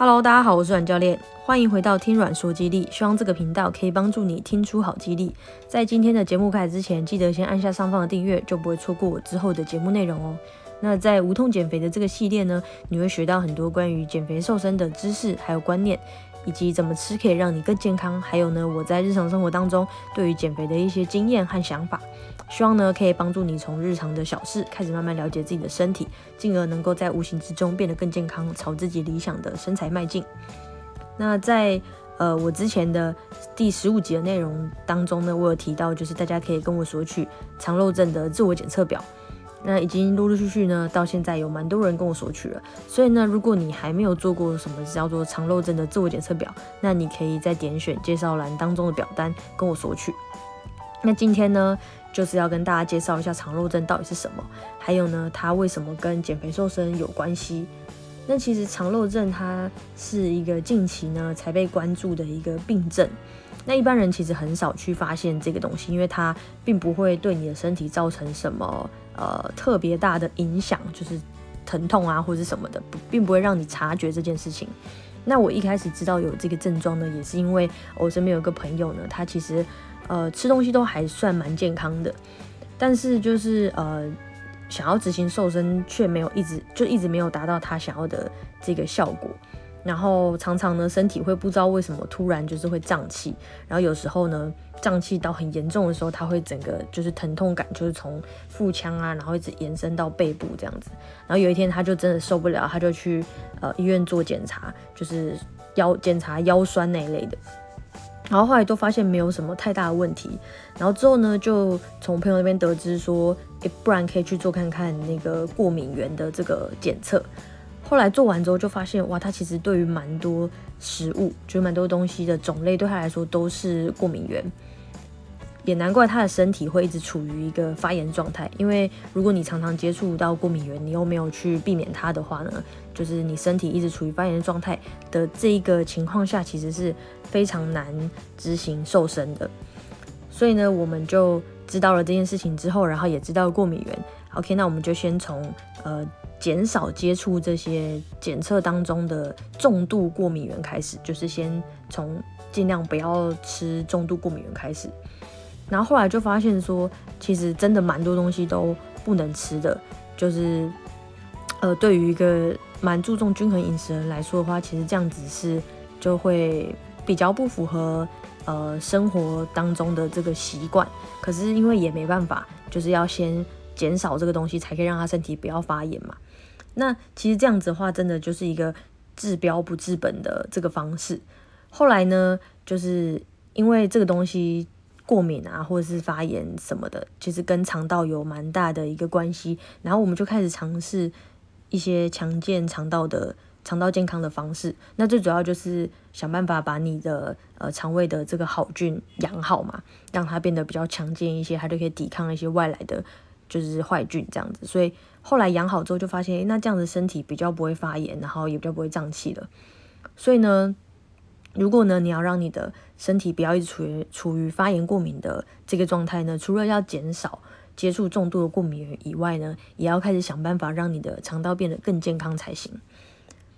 Hello，大家好，我是阮教練，歡迎回到聽阮說肌力，希望這個頻道可以幫助你聽出好肌力。在今天的節目開始之前，記得先按下上方的訂閱，就不會錯過我之後的節目內容哦。那在無痛減肥的這個系列呢，你會學到很多關於減肥瘦身的知識還有觀念。以及怎麼吃可以讓你更健康？還有呢，我在日常生活當中對於減肥的一些經驗和想法，希望呢可以幫助你從日常的小事開始慢慢了解自己的身體，進而能夠在無形之中變得更健康，朝自己理想的身材邁進。那在呃我之前的第十五集的內容當中呢，我有提到就是大家可以跟我索取腸漏症的自我檢測表。那已經陸陸續續呢，到現在有蠻多人跟我索取了。所以呢，如果你還沒有做過什麼叫做腸漏症的自我檢測表，那你可以在點選介紹欄當中的表單跟我索取。那今天呢，就是要跟大家介紹一下腸漏症到底是什麼，還有呢，它為什麼跟減肥瘦身有關係。那其實腸漏症它是一個近期呢才被關注的一個病症。那一般人其實很少去發現這個東西，因為它並不會對你的身體造成什麼呃特別大的影響，就是疼痛啊或者什麼的，並不會讓你察覺這件事情。那我一開始知道有這個症狀呢，也是因為我身邊有一個朋友呢，他其實呃吃東西都還算蠻健康的，但是就是呃想要執行瘦身卻沒有一直就一直沒有達到他想要的這個效果。然後常常呢，身體會不知道為什麼突然就是會脹氣，然後有時候呢，脹氣到很嚴重的時候，他會整個就是疼痛感，就是從腹腔啊，然後一直延伸到背部這樣子。然後有一天他就真的受不了，他就去呃醫院做檢查，就是腰檢查腰酸那一類的。然後後來都發現沒有什麼太大的問題。然後之後呢，就從朋友那邊得知說，誒，不然可以去做看看那個過敏原的這個檢測。後來做完之後就發現，哇，他其實對於蠻多食物，就是、蠻多東西的種類對他來說都是過敏原，也難怪他的身體會一直處於一個發炎狀態。因為如果你常常接觸到過敏原，你又沒有去避免它的話呢，就是你身體一直處於發炎狀態的這一個情況下，其實是非常難執行瘦身的。所以呢，我們就知道了這件事情之後，然後也知道了過敏原。OK，那我們就先從呃。減少接觸這些檢測當中的重度過敏原開始，就是先從盡量不要吃重度過敏原開始，然後後來就發現說，其實真的蠻多東西都不能吃的，就是呃，對於一個蠻注重均衡飲食人來說的話，其實這樣子是就會比較不符合呃生活當中的這個習慣。可是因為也沒辦法，就是要先減少這個東西，才可以讓他身體不要發炎嘛。那其實這樣子的話，真的就是一個治標不治本的這個方式。後來呢，就是因為這個東西過敏啊，或者是發炎什麼的，其實跟腸道有蠻大的一個關係。然後我們就開始嘗試一些強健腸道的、腸道健康的方式。那最主要就是想辦法把你的呃腸胃的這個好菌養好嘛，讓它變得比較強健一些，它就可以抵抗一些外來的，就是壞菌這樣子，所以後來養好之後就發現，哎，那這樣子身體比較不會發炎，然後也比較不會脹氣了。所以呢，如果呢你要讓你的身體不要一直處於處於發炎過敏的這個狀態呢，除了要減少接觸重度的過敏以外呢，也要開始想辦法讓你的腸道變得更健康才行。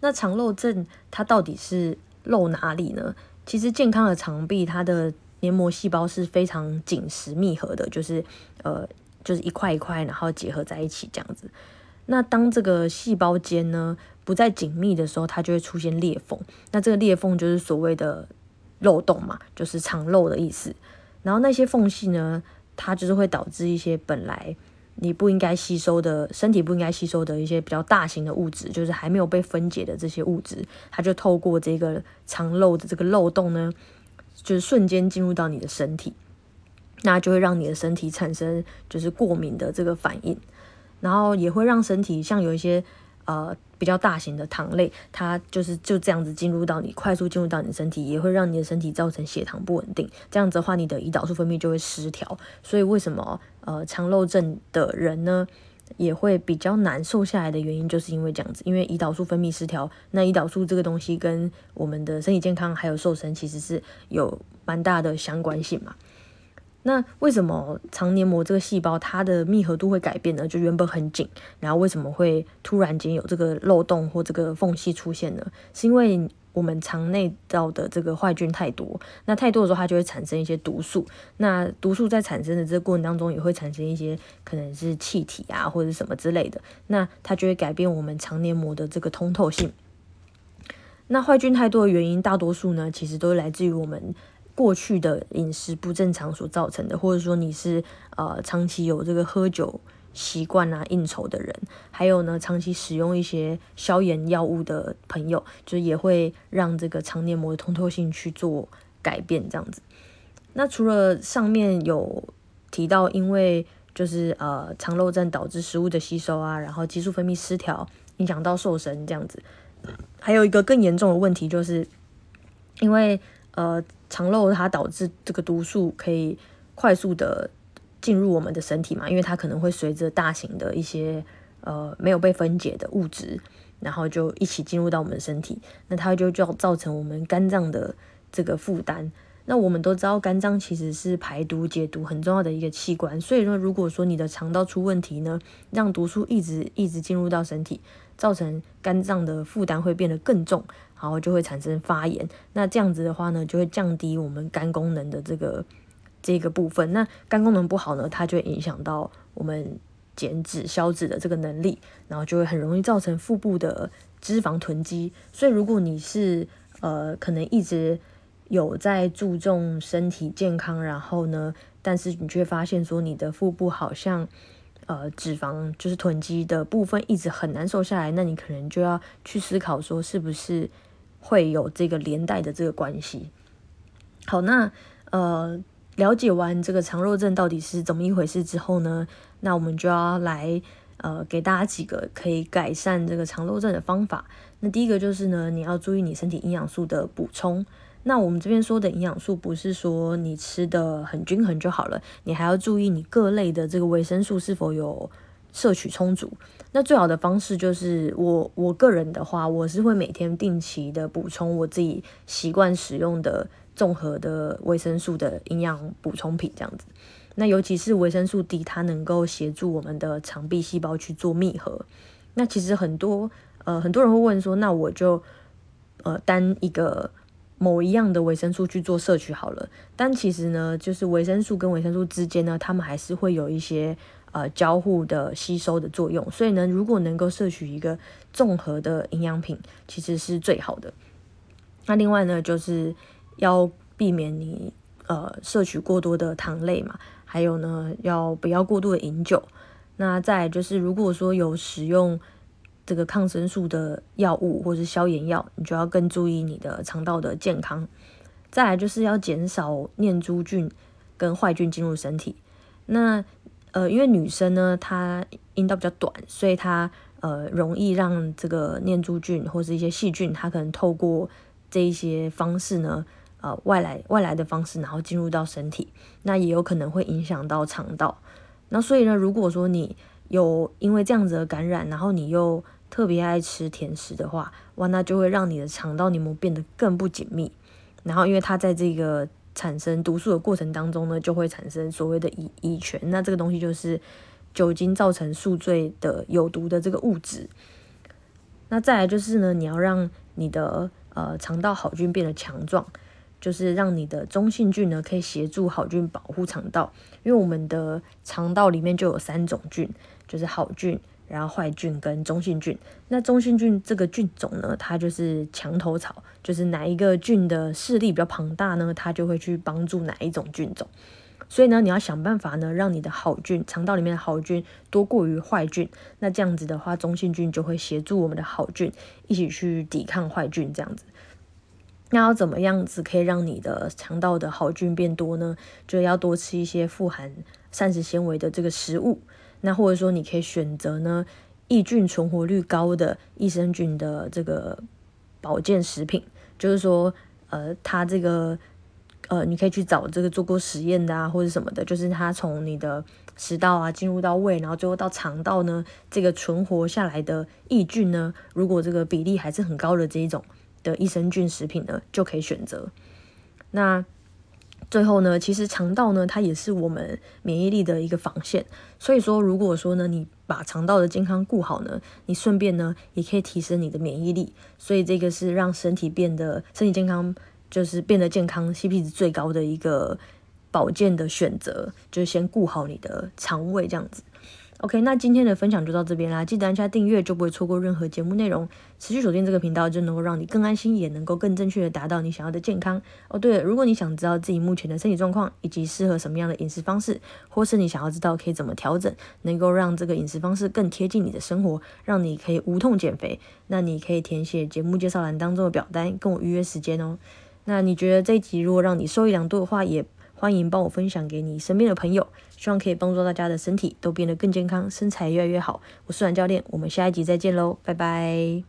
那腸漏症它到底是漏哪裡呢？其實健康的腸壁它的黏膜細胞是非常緊實密合的，就是呃。就是一塊一塊，然後結合在一起這樣子。那當這個細胞間呢不再緊密的時候，它就會出現裂縫。那這個裂縫就是所謂的漏洞嘛，就是腸漏的意思。然後那些縫隙呢，它就是會導致一些本來你不應該吸收的、身體不應該吸收的一些比較大型的物質，就是還沒有被分解的這些物質，它就透過這個腸漏的這個漏洞呢，就是瞬間進入到你的身體。那就會讓你的身體產生就是過敏的這個反應，然後也會讓身體像有一些呃比較大型的糖類，它就是就這樣子進入到你，快速進入到你的身體，也會讓你的身體造成血糖不穩定。這樣子的話，你的胰島素分泌就會失調。所以為什麼呃腸漏症的人呢，也會比較難瘦下來的原因，就是因為這樣子，因為胰島素分泌失調，那胰島素這個東西跟我們的身體健康還有瘦身其實是有蠻大的相關性嘛。那為什麼腸黏膜這個細胞它的密合度會改變呢？就原本很緊，然後為什麼會突然間有這個漏洞或這個縫隙出現呢？是因為我們腸內道的這個壞菌太多，那太多的時候它就會產生一些毒素。那毒素在產生的這個過程當中，也會產生一些可能是氣體啊或者什麼之類的，那它就會改變我們腸黏膜的這個通透性。那壞菌太多的原因，大多數呢其實都是來自於我們。過去的飲食不正常所造成的，或者說你是呃長期有這個喝酒習慣啊、應酬的人，還有呢長期使用一些消炎藥物的朋友，就是也會讓這個腸黏膜的通透性去做改變，這樣子。那除了上面有提到，因為就是呃腸漏症導致食物的吸收啊，然後激素分泌失調，影響到瘦身這樣子，還有一個更嚴重的問題就是，因為呃。腸漏它導致這個毒素可以快速的進入我們的身體嘛，因為它可能會隨着大型的一些呃沒有被分解的物質，然後就一起進入到我們的身體，那它就叫造成我們肝臟的這個負擔。那我們都知道肝臟其實是排毒解毒很重要的一個器官，所以說如果說你的腸道出問題呢，讓毒素一直一直進入到身體，造成肝臟的負擔會變得更重，然後就會產生發炎，那這樣子的話呢，就會降低我們肝功能的這個這個部分。那肝功能不好呢，它就會影響到我們減脂消脂的這個能力，然後就會很容易造成腹部的脂肪囤積。所以如果你是呃可能一直有在注重身體健康，然後呢，但是你卻發現說你的腹部好像呃脂肪就是囤積的部分一直很難瘦下來，那你可能就要去思考說是不是。會有這個連帶的這個關係。好，那呃，了解完這個腸漏症到底是怎麼一回事之後呢，那我們就要來呃，給大家幾個可以改善這個腸漏症的方法。那第一個就是呢，你要注意你身體營養素的補充。那我們這邊說的營養素，不是說你吃得很均衡就好了，你還要注意你各類的這個維生素是否有。攝取充足，那最好的方式就是我我個人的話，我是會每天定期的補充我自己習慣使用的綜合的維生素的營養補充品這樣子。那尤其是維生素 D，它能夠協助我們的腸壁細胞去做密合。那其實很多呃很多人會問說，那我就呃單一個某一樣的維生素去做攝取好了，但其實呢，就是維生素跟維生素之間呢，他們還是會有一些。呃，交互的吸收的作用，所以呢，如果能夠攝取一個綜合的營養品，其實是最好的。那另外呢，就是要避免你呃攝取過多的糖類嘛，還有呢，要不要過度的飲酒。那再就是，如果說有使用這個抗生素的藥物或者是消炎藥，你就要更注意你的腸道的健康。再來就是要減少念珠菌跟壞菌進入身體。那。呃，因為女生呢，她陰道比較短，所以她呃容易讓這個念珠菌或是一些細菌，它可能透過這一些方式呢，呃外來外來的方式，然後進入到身體，那也有可能會影響到腸道。那所以呢，如果說你有因為這樣子的感染，然後你又特別愛吃甜食的話，哇，那就會讓你的腸道黏膜變得更不緊密，然後因為它在這個。產生毒素的過程當中呢，就會產生所謂的乙乙醛，那這個東西就是酒精造成宿醉的有毒的這個物質。那再來就是呢，你要讓你的呃腸道好菌變得強壯，就是讓你的中性菌呢可以協助好菌保護腸道，因為我們的腸道裡面就有三種菌，就是好菌。然後壞菌跟中性菌，那中性菌這個菌種呢，它就是牆頭草，就是哪一個菌的勢力比較龐大呢，它就會去幫助哪一種菌種。所以呢，你要想辦法呢，讓你的好菌腸道裡面的好菌多過於壞菌，那這樣子的話，中性菌就會協助我們的好菌一起去抵抗壞菌，這樣子。那要怎麼樣子可以讓你的腸道的好菌變多呢？就要多吃一些富含膳食纖維的這個食物。那或者說，你可以選擇呢，益菌存活率高的益生菌的這個保健食品，就是說，呃，它這個，呃，你可以去找這個做過實驗的啊，或者什麼的，就是它從你的食道啊進入到胃，然後最後到腸道呢，這個存活下來的益菌呢，如果這個比例還是很高的這一種的益生菌食品呢，就可以選擇。那。最後呢，其實腸道呢，它也是我們免疫力的一個防線。所以說，如果說呢，你把腸道的健康顧好呢，你順便呢，也可以提升你的免疫力。所以這個是讓身體變得身體健康，就是變得健康 CP 值最高的一個保健的選擇，就是先顧好你的腸胃這樣子。OK，那今天的分享就到這邊啦。記得按下訂閱，就不會錯過任何節目內容。持續鎖定這個頻道，就能夠讓你更安心，也能夠更正確的達到你想要的健康。哦，對了，如果你想知道自己目前的身體狀況，以及適合什麼樣的飲食方式，或是你想要知道可以怎麼調整，能夠讓這個飲食方式更貼近你的生活，讓你可以無痛減肥，那你可以填寫節目介紹欄當中的表單，跟我預約時間哦。那你覺得這一集如果讓你受益良多的話，也歡迎幫我分享給你身邊的朋友，希望可以幫助大家的身體都變得更健康，身材越來越好。我是阮教練，我們下一集再見嘍，拜拜。